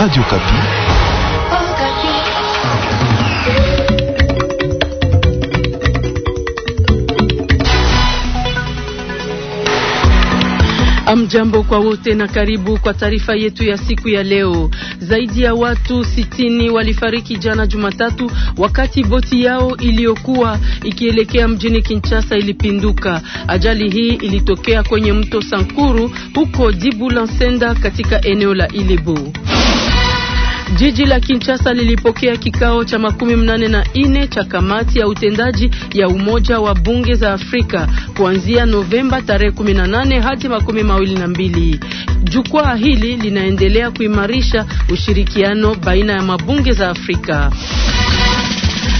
Radio Kapi. Amjambo kwa wote na karibu kwa taarifa yetu ya siku ya leo. Zaidi ya watu sitini walifariki jana Jumatatu wakati boti yao iliyokuwa ikielekea mjini Kinshasa ilipinduka. Ajali hii ilitokea kwenye mto Sankuru huko Dibu Lansenda katika eneo la Ilebo. Jiji la Kinshasa lilipokea kikao cha makumi mnane na ine cha kamati ya utendaji ya Umoja wa Bunge za Afrika kuanzia Novemba tarehe 18 hadi makumi mawili na mbili. Jukwaa hili linaendelea kuimarisha ushirikiano baina ya mabunge za Afrika.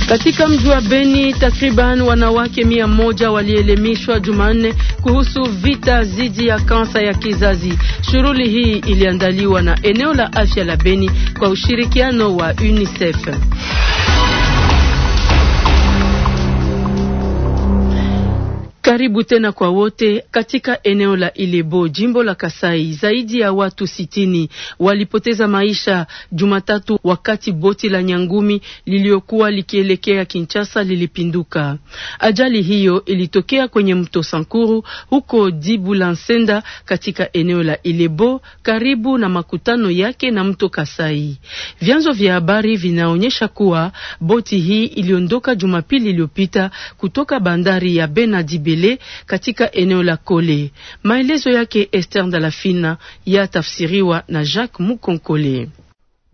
Katika mji wa Beni takriban wanawake mia moja walielemishwa Jumanne kuhusu vita dhidi ya kansa ya kizazi. Shughuli hii iliandaliwa na eneo la afya la Beni kwa ushirikiano wa UNICEF. Karibu tena kwa wote. Katika eneo la Ilebo, jimbo la Kasai, zaidi ya watu sitini walipoteza maisha Jumatatu wakati boti la nyangumi liliokuwa likielekea Kinshasa lilipinduka. Ajali hiyo ilitokea kwenye mto Sankuru huko Dibu la Nsenda katika eneo la Ilebo karibu na makutano yake na mto Kasai. Vyanzo vya habari vinaonyesha kuwa boti hii iliondoka Jumapili iliyopita kutoka bandari ya Bena Kabele katika eneo la Kole. Maelezo yake Esther ya yatafsiriwa na Jacques Mukonkole.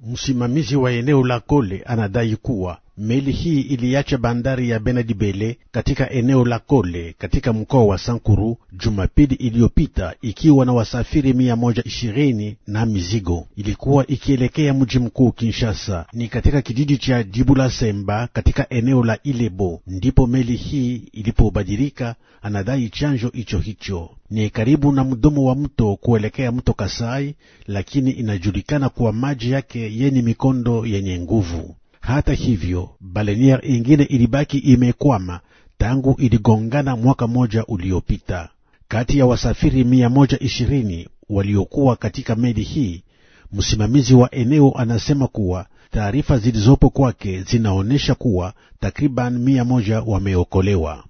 Msimamizi wa eneo la Kole anadai kuwa Meli hii iliacha bandari ya benadibele katika eneo la Kole katika mkoa wa Sankuru Jumapili iliyopita ikiwa na wasafiri 120 na mizigo. Ilikuwa ikielekea mji mkuu Kinshasa. Ni katika kijiji cha Dibula Semba katika eneo la Ilebo ndipo meli hii ilipobadilika, anadai chanjo hicho hicho ni karibu na mdomo wa mto kuelekea mto Kasai, lakini inajulikana kuwa maji yake yenye mikondo yenye nguvu. Hata hivyo, balenier ingine ilibaki imekwama tangu iligongana mwaka mmoja uliopita. Kati ya wasafiri mia ishirini waliokuwa katika meli hii, msimamizi wa eneo anasema kuwa taarifa zilizopo kwake zinaonyesha kuwa takriban mia wameokolewa.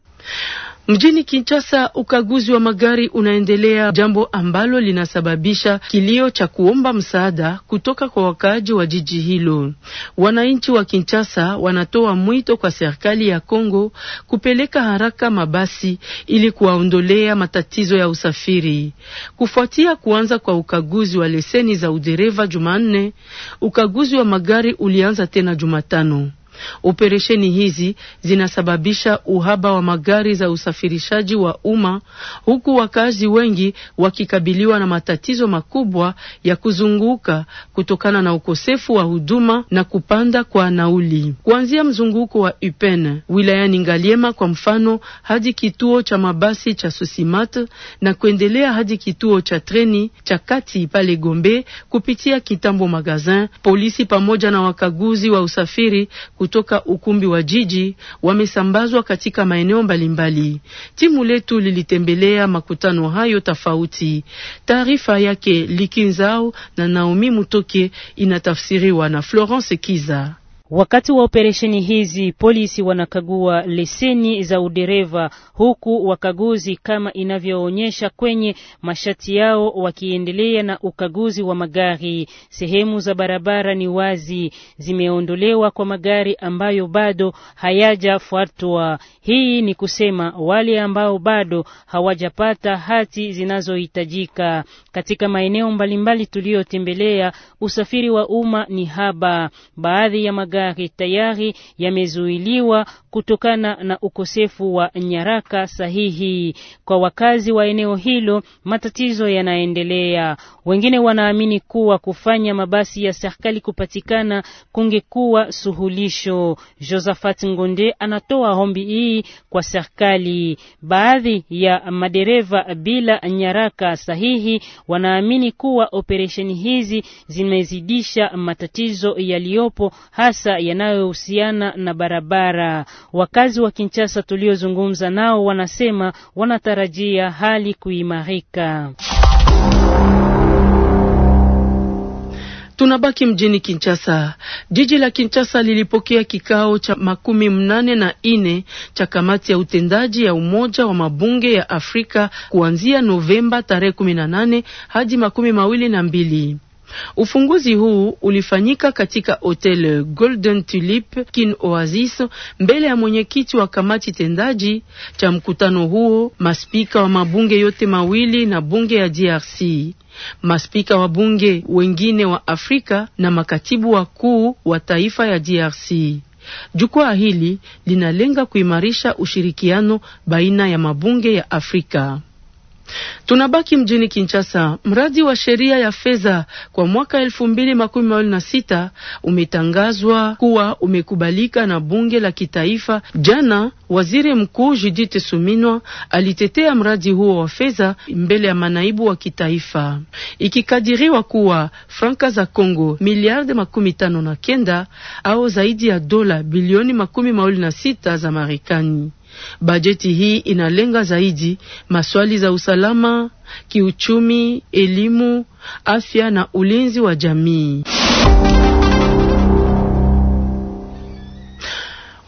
Mjini Kinshasa ukaguzi wa magari unaendelea, jambo ambalo linasababisha kilio cha kuomba msaada kutoka kwa wakaaji wa jiji hilo. Wananchi wa Kinshasa wanatoa mwito kwa serikali ya Kongo kupeleka haraka mabasi ili kuwaondolea matatizo ya usafiri. Kufuatia kuanza kwa ukaguzi wa leseni za udereva Jumanne, ukaguzi wa magari ulianza tena Jumatano. Operesheni hizi zinasababisha uhaba wa magari za usafirishaji wa umma huku wakazi wengi wakikabiliwa na matatizo makubwa ya kuzunguka kutokana na ukosefu wa huduma na kupanda kwa nauli. Kuanzia mzunguko wa Upen wilayani Ngaliema kwa mfano hadi kituo cha mabasi cha Susimat na kuendelea hadi kituo cha treni cha kati pale Gombe kupitia Kitambo Magazin, polisi pamoja na wakaguzi wa usafiri kutoka ukumbi wa jiji wamesambazwa katika maeneo mbalimbali. Timu letu lilitembelea makutano hayo tofauti. Taarifa yake Likinzao na Naomi Mutoke inatafsiriwa na Florence Kiza. Wakati wa operesheni hizi polisi wanakagua leseni za udereva, huku wakaguzi kama inavyoonyesha kwenye mashati yao wakiendelea na ukaguzi wa magari. Sehemu za barabara ni wazi, zimeondolewa kwa magari ambayo bado hayajafuatwa. Hii ni kusema wale ambao bado hawajapata hati zinazohitajika. Katika maeneo mbalimbali tuliyotembelea, usafiri wa umma ni haba. Baadhi ya magari magari tayari yamezuiliwa kutokana na ukosefu wa nyaraka sahihi. Kwa wakazi wa eneo hilo, matatizo yanaendelea. Wengine wanaamini kuwa kufanya mabasi ya serikali kupatikana kungekuwa suhulisho. Josephat Ngonde anatoa ombi hii kwa serikali. Baadhi ya madereva bila nyaraka sahihi wanaamini kuwa operesheni hizi zimezidisha matatizo yaliyopo hasa makosa yanayohusiana na barabara. Wakazi wa Kinshasa tuliozungumza nao wanasema wanatarajia hali kuimarika. Tunabaki mjini Kinshasa. Jiji la Kinshasa lilipokea kikao cha makumi mnane na ine cha kamati ya utendaji ya Umoja wa Mabunge ya Afrika kuanzia Novemba tarehe kumi na nane hadi makumi mawili na mbili. Ufunguzi huu ulifanyika katika Hotel Golden Tulip Kin Oasis mbele ya mwenyekiti wa kamati tendaji cha mkutano huo, maspika wa mabunge yote mawili na bunge ya DRC, maspika wa bunge wengine wa Afrika na makatibu wakuu wa taifa ya DRC. Jukwaa hili linalenga kuimarisha ushirikiano baina ya mabunge ya Afrika. Tunabaki mjini Kinshasa. Mradi wa sheria ya fedha kwa mwaka elfu mbili makumi mawili na sita umetangazwa kuwa umekubalika na bunge la kitaifa jana. Waziri Mkuu Judith Suminwa alitetea mradi huo wa fedha mbele ya manaibu wa kitaifa, ikikadiriwa kuwa franka za Congo miliardi makumi tano na kenda au zaidi ya dola bilioni makumi mawili na sita za Marekani. Bajeti hii inalenga zaidi maswali za usalama, kiuchumi, elimu, afya na ulinzi wa jamii.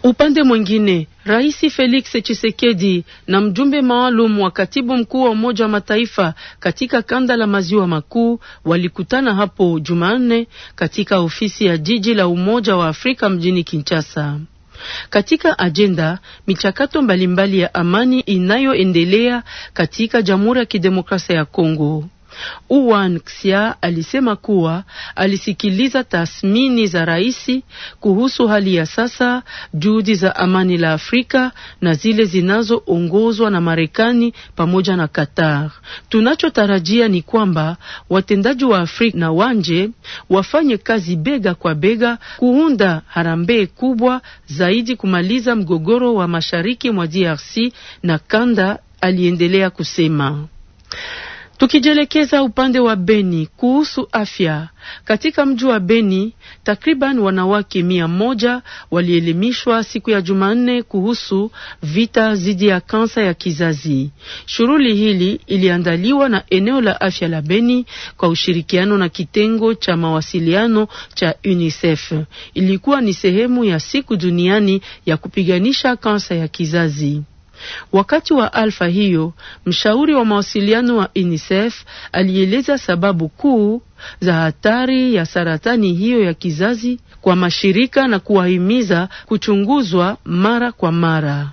Upande mwingine, Rais Felix Tshisekedi na mjumbe maalum wa Katibu Mkuu wa Umoja wa Mataifa katika kanda la Maziwa Makuu walikutana hapo Jumanne katika ofisi ya jiji la Umoja wa Afrika mjini Kinshasa katika ajenda michakato mbalimbali mbali ya amani inayoendelea katika Jamhuri ya Kidemokrasia ya Kongo. Uwan Xia alisema kuwa alisikiliza tathmini za rais kuhusu hali ya sasa, juhudi za amani la Afrika na zile zinazoongozwa na Marekani pamoja na Qatar. Tunachotarajia ni kwamba watendaji wa Afrika na wanje wafanye kazi bega kwa bega kuunda harambee kubwa zaidi kumaliza mgogoro wa mashariki mwa DRC na kanda, aliendelea kusema. Tukijielekeza upande wa Beni kuhusu afya katika mji wa Beni, takriban wanawake mia moja walielimishwa siku ya Jumanne kuhusu vita dhidi ya kansa ya kizazi. Shughuli hili iliandaliwa na eneo la afya la Beni kwa ushirikiano na kitengo cha mawasiliano cha UNICEF. Ilikuwa ni sehemu ya siku duniani ya kupiganisha kansa ya kizazi. Wakati wa alfa hiyo, mshauri wa mawasiliano wa UNICEF alieleza sababu kuu za hatari ya saratani hiyo ya kizazi kwa mashirika na kuwahimiza kuchunguzwa mara kwa mara.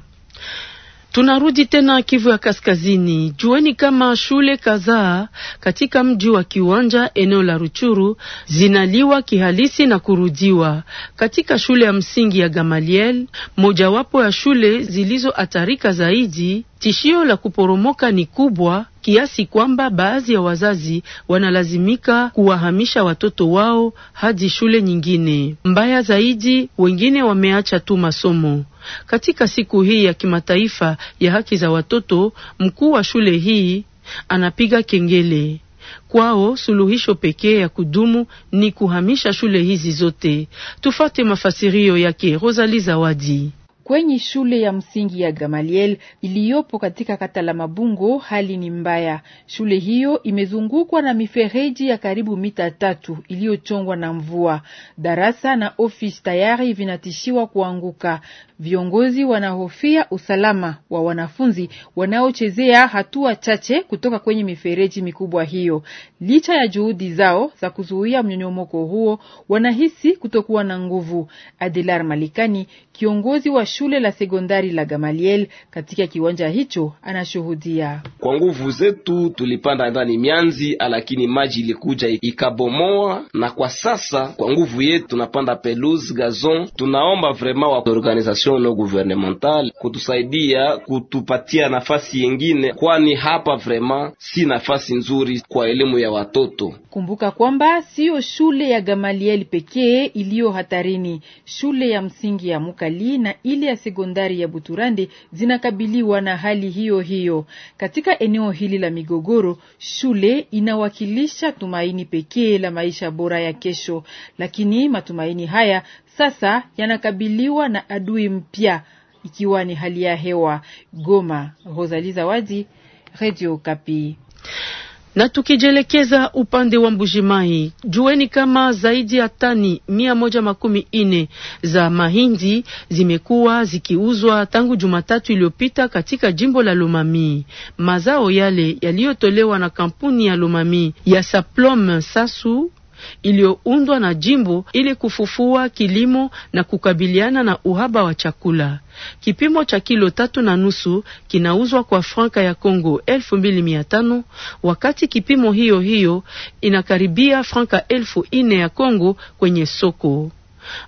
Tunarudi tena Kivu ya Kaskazini. Jueni kama shule kadhaa katika mji wa Kiwanja eneo la Ruchuru zinaliwa kihalisi na kurudiwa. Katika shule ya msingi ya Gamaliel, mojawapo ya shule zilizoathirika zaidi, tishio la kuporomoka ni kubwa kiasi kwamba baadhi ya wazazi wanalazimika kuwahamisha watoto wao hadi shule nyingine. Mbaya zaidi, wengine wameacha tu masomo. Katika siku hii ya kimataifa ya haki za watoto, mkuu wa shule hii anapiga kengele kwao suluhisho pekee ya kudumu ni kuhamisha shule hizi zote. Tufate mafasirio yake Rosalie Zawadi. Kwenye shule ya msingi ya Gamaliel iliyopo katika kata la Mabungo, hali ni mbaya. Shule hiyo imezungukwa na mifereji ya karibu mita tatu iliyochongwa na mvua. Darasa na ofisi tayari vinatishiwa kuanguka. Viongozi wanahofia usalama wa wanafunzi wanaochezea hatua chache kutoka kwenye mifereji mikubwa hiyo. Licha ya juhudi zao za kuzuia mnyonyomoko huo, wanahisi kutokuwa na nguvu. Adelar Malikani, kiongozi wa shule la sekondari la Gamaliel katika kiwanja hicho anashuhudia. Kwa nguvu zetu tulipanda ndani mianzi, lakini maji ilikuja ikabomoa, na kwa sasa kwa nguvu yetu tunapanda peluse gazon. Tunaomba vraiment wa organisation no gouvernementale kutusaidia kutupatia nafasi yengine, kwani hapa vraiment si nafasi nzuri kwa elimu ya watoto. Kumbuka kwamba siyo shule ya Gamaliel pekee iliyo hatarini, shule ya msingi ya Mukali na ili shule ya sekondari ya Buturande zinakabiliwa na hali hiyo hiyo. Katika eneo hili la migogoro, shule inawakilisha tumaini pekee la maisha bora ya kesho, lakini matumaini haya sasa yanakabiliwa na adui mpya, ikiwa ni hali ya hewa. Goma, Rosalie Zawadi, Radio Kapi. Na tukijielekeza upande wa Mbujimai, jueni kama zaidi ya tani mia moja makumi ine za mahindi zimekuwa zikiuzwa tangu Jumatatu iliyopita katika jimbo la Lomami. Mazao yale yaliyotolewa na kampuni ya Lomami ya Saplom Sasu iliyoundwa na jimbo ili kufufua kilimo na kukabiliana na uhaba wa chakula. Kipimo cha kilo tatu na nusu kinauzwa kwa franka ya Kongo elfu mbili mia tano wakati kipimo hiyo hiyo inakaribia franka elfu ya Kongo kwenye soko.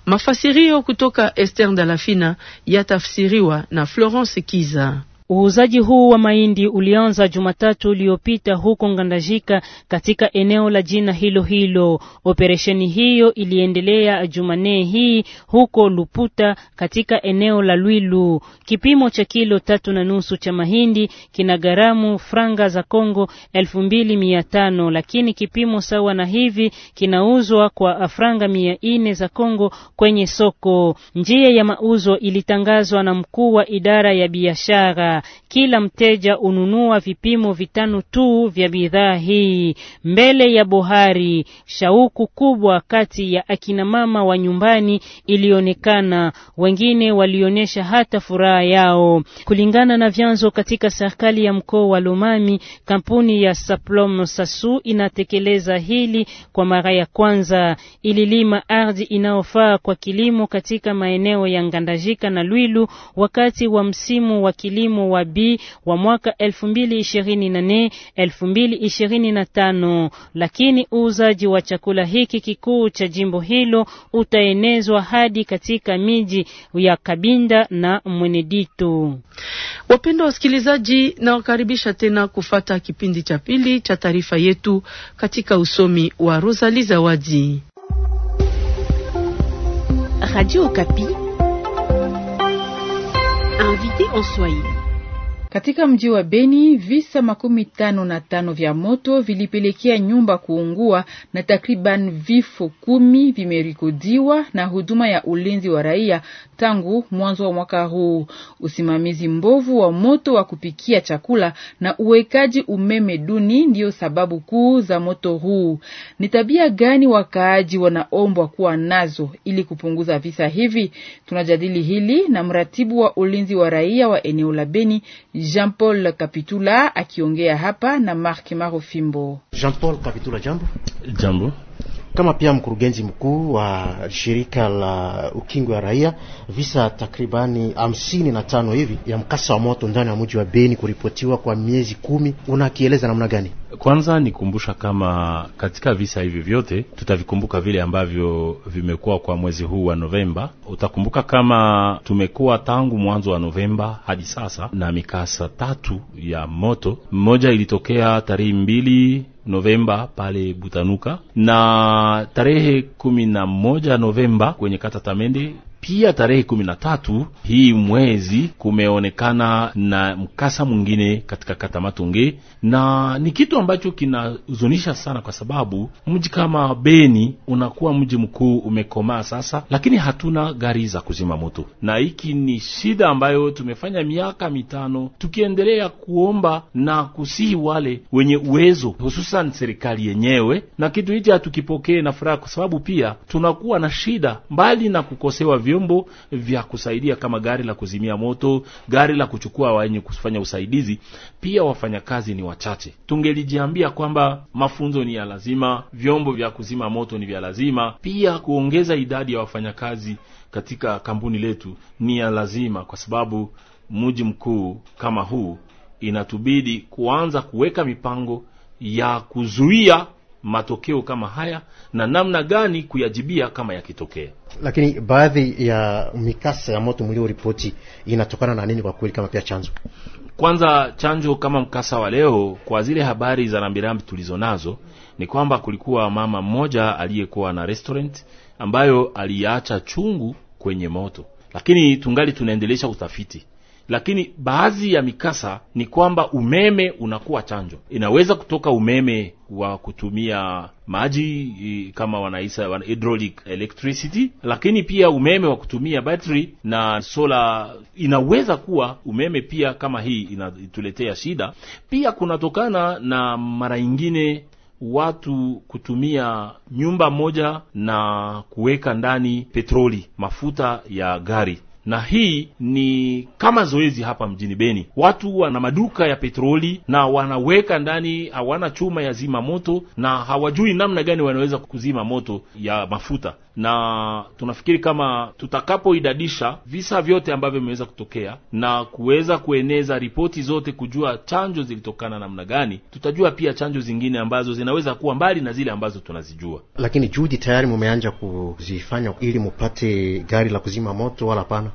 Mafasirio kutoka Esther Dalafina yatafsiriwa na Florence Kiza. Uuzaji huu wa mahindi ulianza Jumatatu iliyopita huko Ngandajika katika eneo la jina hilo hilo. Operesheni hiyo iliendelea Jumanne hii huko Luputa katika eneo la Lwilu. Kipimo cha kilo tatu na nusu cha mahindi kina gharamu franga za Kongo elfu mbili mia tano, lakini kipimo sawa na hivi kinauzwa kwa franga mia nne za Kongo kwenye soko. Njia ya mauzo ilitangazwa na mkuu wa idara ya biashara. Kila mteja ununua vipimo vitano tu vya bidhaa hii. Mbele ya bohari, shauku kubwa kati ya akina mama wa nyumbani ilionekana, wengine walionyesha hata furaha yao. Kulingana na vyanzo katika serikali ya mkoa wa Lomami, kampuni ya Saplom Sasu inatekeleza hili kwa mara ya kwanza. Ililima ardhi inayofaa kwa kilimo katika maeneo ya Ngandajika na Lwilu wakati wa msimu wa kilimo wa B wa mwaka 2024 2025, lakini uuzaji wa chakula hiki kikuu cha jimbo hilo utaenezwa hadi katika miji ya Kabinda na Mweneditu. Wapendwa wasikilizaji, nawakaribisha tena kufata kipindi cha pili cha taarifa yetu katika usomi wa rosali Zawadi. Radio Okapi, invité en Swahili. Katika mji wa Beni visa makumi tano na tano vya moto vilipelekea nyumba kuungua na takriban vifo kumi vimerekodiwa na huduma ya ulinzi wa raia tangu mwanzo wa mwaka huu. Usimamizi mbovu wa moto wa kupikia chakula na uwekaji umeme duni ndiyo sababu kuu za moto huu. Ni tabia gani wakaaji wanaombwa kuwa nazo ili kupunguza visa hivi? Tunajadili hili na mratibu wa ulinzi wa raia wa eneo la Beni Jean Paul Kapitula akiongea hapa na Mark Marofimbo. Jean Paul Kapitula, jambo. Jambo. Kama pia mkurugenzi mkuu wa shirika la ukingo wa raia, visa takribani hamsini na tano hivi ya mkasa wa moto ndani ya mji wa Beni kuripotiwa kwa miezi kumi, unakieleza namna gani? Kwanza nikumbusha kama katika visa hivi vyote tutavikumbuka vile ambavyo vimekuwa kwa mwezi huu wa Novemba. Utakumbuka kama tumekuwa tangu mwanzo wa Novemba hadi sasa na mikasa tatu ya moto. Mmoja ilitokea tarehe mbili Novemba pale Butanuka na tarehe kumi na moja Novemba kwenye kata Tamende pia tarehe kumi na tatu hii mwezi kumeonekana na mkasa mwingine katika kata Matunge, na ni kitu ambacho kinahuzunisha sana, kwa sababu mji kama Beni unakuwa mji mkuu umekomaa sasa, lakini hatuna gari za kuzima moto, na hiki ni shida ambayo tumefanya miaka mitano tukiendelea kuomba na kusihi wale wenye uwezo, hususan serikali yenyewe, na kitu hichi hatukipokee na furaha, kwa sababu pia tunakuwa na shida mbali na kukosewa vyo vyombo vya kusaidia kama gari la kuzimia moto, gari la kuchukua wenye kufanya usaidizi. Pia wafanyakazi ni wachache. Tungelijiambia kwamba mafunzo ni ya lazima, vyombo vya kuzima moto ni vya lazima, pia kuongeza idadi ya wafanyakazi katika kampuni letu ni ya lazima, kwa sababu mji mkuu kama huu inatubidi kuanza kuweka mipango ya kuzuia matokeo kama haya na namna gani kuyajibia kama yakitokea. Lakini baadhi ya mikasa ya moto mlio ripoti inatokana na nini kwa kweli, kama pia chanzo? Kwanza chanjo kama mkasa wa leo, kwa zile habari za rambirambi tulizo nazo ni kwamba kulikuwa mama mmoja aliyekuwa na restaurant ambayo aliacha chungu kwenye moto, lakini tungali tunaendelesha utafiti lakini baadhi ya mikasa ni kwamba umeme unakuwa chanjo. Inaweza kutoka umeme wa kutumia maji kama wanaisa wana hydraulic electricity, lakini pia umeme wa kutumia battery na sola. Inaweza kuwa umeme pia kama hii inatuletea shida. Pia kunatokana na mara nyingine watu kutumia nyumba moja na kuweka ndani petroli, mafuta ya gari na hii ni kama zoezi hapa mjini Beni. Watu wana maduka ya petroli na wanaweka ndani, hawana chuma ya zima moto na hawajui namna gani wanaweza kuzima moto ya mafuta, na tunafikiri kama tutakapoidadisha visa vyote ambavyo vimeweza kutokea na kuweza kueneza ripoti zote, kujua chanjo zilitokana namna gani, tutajua pia chanjo zingine ambazo zinaweza kuwa mbali na zile ambazo tunazijua. Lakini juhudi tayari mumeanja kuzifanya ili mupate gari la kuzima moto, wala pana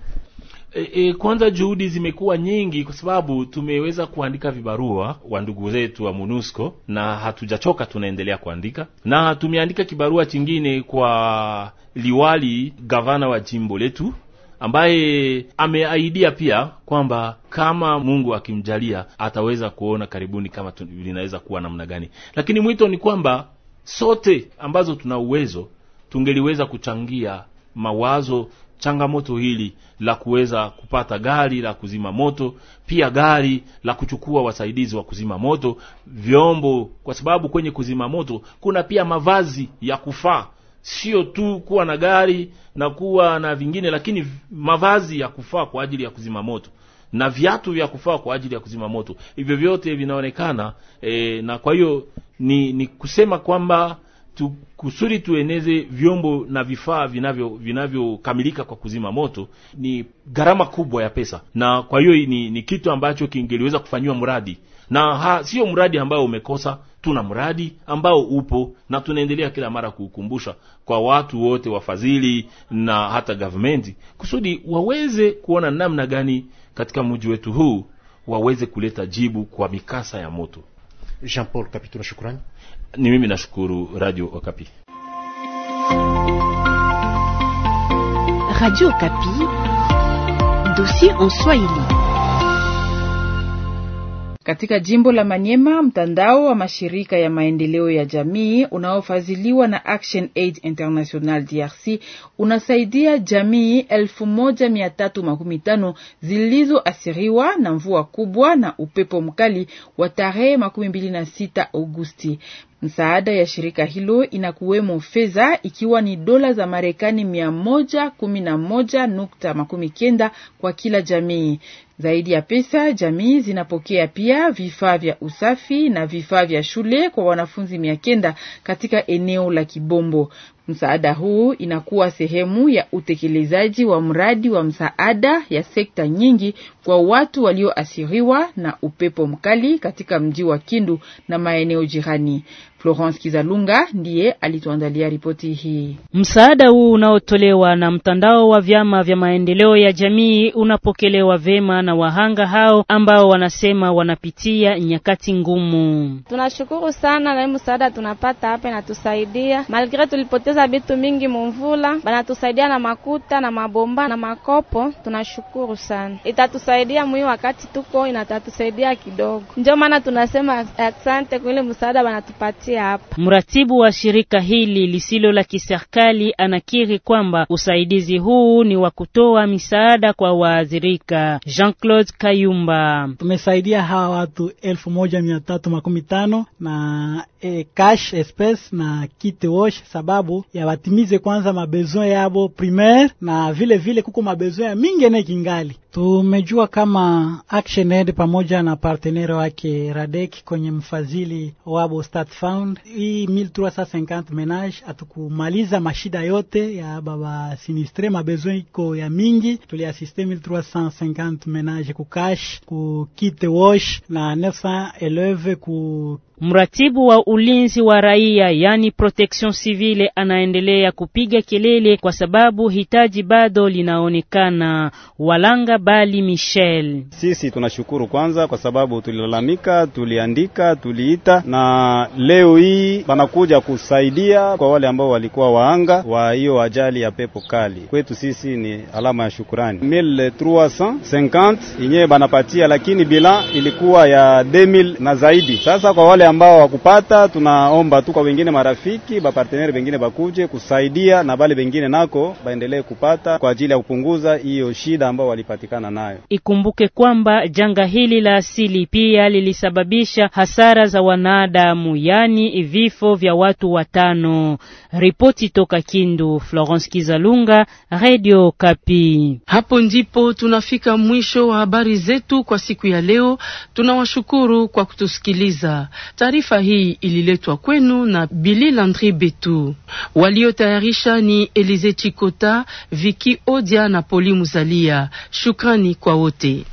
E, e, kwanza juhudi zimekuwa nyingi kwa sababu tumeweza kuandika vibarua wa ndugu zetu wa MONUSCO na hatujachoka, tunaendelea kuandika na tumeandika kibarua chingine kwa liwali gavana wa jimbo letu ambaye ameahidia pia kwamba kama Mungu akimjalia ataweza kuona karibuni kama linaweza kuwa namna gani, lakini mwito ni kwamba sote ambazo tuna uwezo tungeliweza kuchangia mawazo changamoto hili la kuweza kupata gari la kuzima moto, pia gari la kuchukua wasaidizi wa kuzima moto, vyombo, kwa sababu kwenye kuzima moto kuna pia mavazi ya kufaa, sio tu kuwa na gari na kuwa na vingine, lakini mavazi ya kufaa kwa ajili ya kuzima moto na viatu vya kufaa kwa ajili ya kuzima moto. Hivyo vyote vinaonekana e, na kwa hiyo ni, ni kusema kwamba tu, kusudi tueneze vyombo na vifaa vinavyo vinavyokamilika kwa kuzima moto ni gharama kubwa ya pesa, na kwa hiyo ni, ni kitu ambacho kingeliweza kufanyiwa mradi na ha, sio mradi ambao umekosa. Tuna mradi ambao upo na tunaendelea kila mara kuukumbusha kwa watu wote, wafadhili na hata government, kusudi waweze kuona namna gani katika mji wetu huu waweze kuleta jibu kwa mikasa ya moto. Jean Paul Kapitula, shukrani. Ni mimi nashukuru Radio Okapi. Radio Okapi, dossier en Swahili. Katika jimbo la Manyema, mtandao wa mashirika ya maendeleo ya jamii unaofadhiliwa na Action Aid International DRC unasaidia jamii 1315 moja zilizoathiriwa na mvua kubwa na upepo mkali wa tarehe 26 mbili Agosti. Msaada ya shirika hilo inakuwemo fedha ikiwa ni dola za Marekani mia kwa kila jamii. Zaidi ya pesa, jamii zinapokea pia vifaa vya usafi na vifaa vya shule kwa wanafunzi mia kenda katika eneo la Kibombo. Msaada huu inakuwa sehemu ya utekelezaji wa mradi wa msaada ya sekta nyingi kwa watu walioathiriwa na upepo mkali katika mji wa Kindu na maeneo jirani. Florence Kizalunga ndiye alituandalia ripoti hii. Msaada huu unaotolewa na mtandao wa vyama vya maendeleo ya jamii unapokelewa vema na wahanga hao ambao wanasema wanapitia nyakati ngumu. Tunashukuru sana na msaada tunapata hapa, inatusaidia malgre tulipoteza tunauza bitu mingi mumvula, banatusaidia na makuta na mabomba na makopo. Tunashukuru sana, itatusaidia mwi wakati tuko inatatusaidia kidogo, ndio maana tunasema asante kwa ile msaada banatupatia hapa. Mratibu wa shirika hili lisilo la kiserikali anakiri kwamba usaidizi huu ni wa kutoa misaada kwa waathirika. Jean-Claude Kayumba: tumesaidia hawa watu elfu moja mia tatu makumi tano na e cash espes na kit wash, sababu ya batimize kwanza mabezoin yabo primaire, na vile vile kuko mabezoin ya mingi ene kingali Tumejua kama Action pamoja na partenero wake Radek kwenye mfadhili wabo Start Fund, hii 1350 menage atukumaliza mashida yote ya baba sinistre, mabezo iko ya mingi. Tuliasiste 1350 menage kukash ku kite wash na eleve ku Mratibu wa ulinzi wa raia yani protection civile anaendelea kupiga kelele kwa sababu hitaji bado linaonekana. Walanga bali Michel. Sisi tunashukuru kwanza kwa sababu tulilalamika, tuliandika, tuliita na leo hii wanakuja kusaidia kwa wale ambao walikuwa waanga wa hiyo ajali ya pepo kali. Kwetu sisi ni alama ya shukurani. 1350 inyewe banapatia, lakini bila ilikuwa ya 2000 na zaidi. Sasa kwa wale ambao wakupata, tunaomba tu kwa wengine marafiki, baparteneri wengine bakuje kusaidia na bale wengine nako baendelee kupata kwa ajili ya kupunguza hiyo shida ambao walipata kupatikana nayo. Ikumbuke kwamba janga hili la asili pia lilisababisha hasara za wanadamu, yaani vifo vya watu watano. Ripoti toka Kindu, Florence Kizalunga, Radio Kapi. Hapo ndipo tunafika mwisho wa habari zetu kwa siku ya leo. Tunawashukuru kwa kutusikiliza. Taarifa hii ililetwa kwenu na Billy Landry Betu. Waliotayarisha ni Elize Chikota, Viki Odia na Poli Muzalia. Shukra shukrani kwa wote.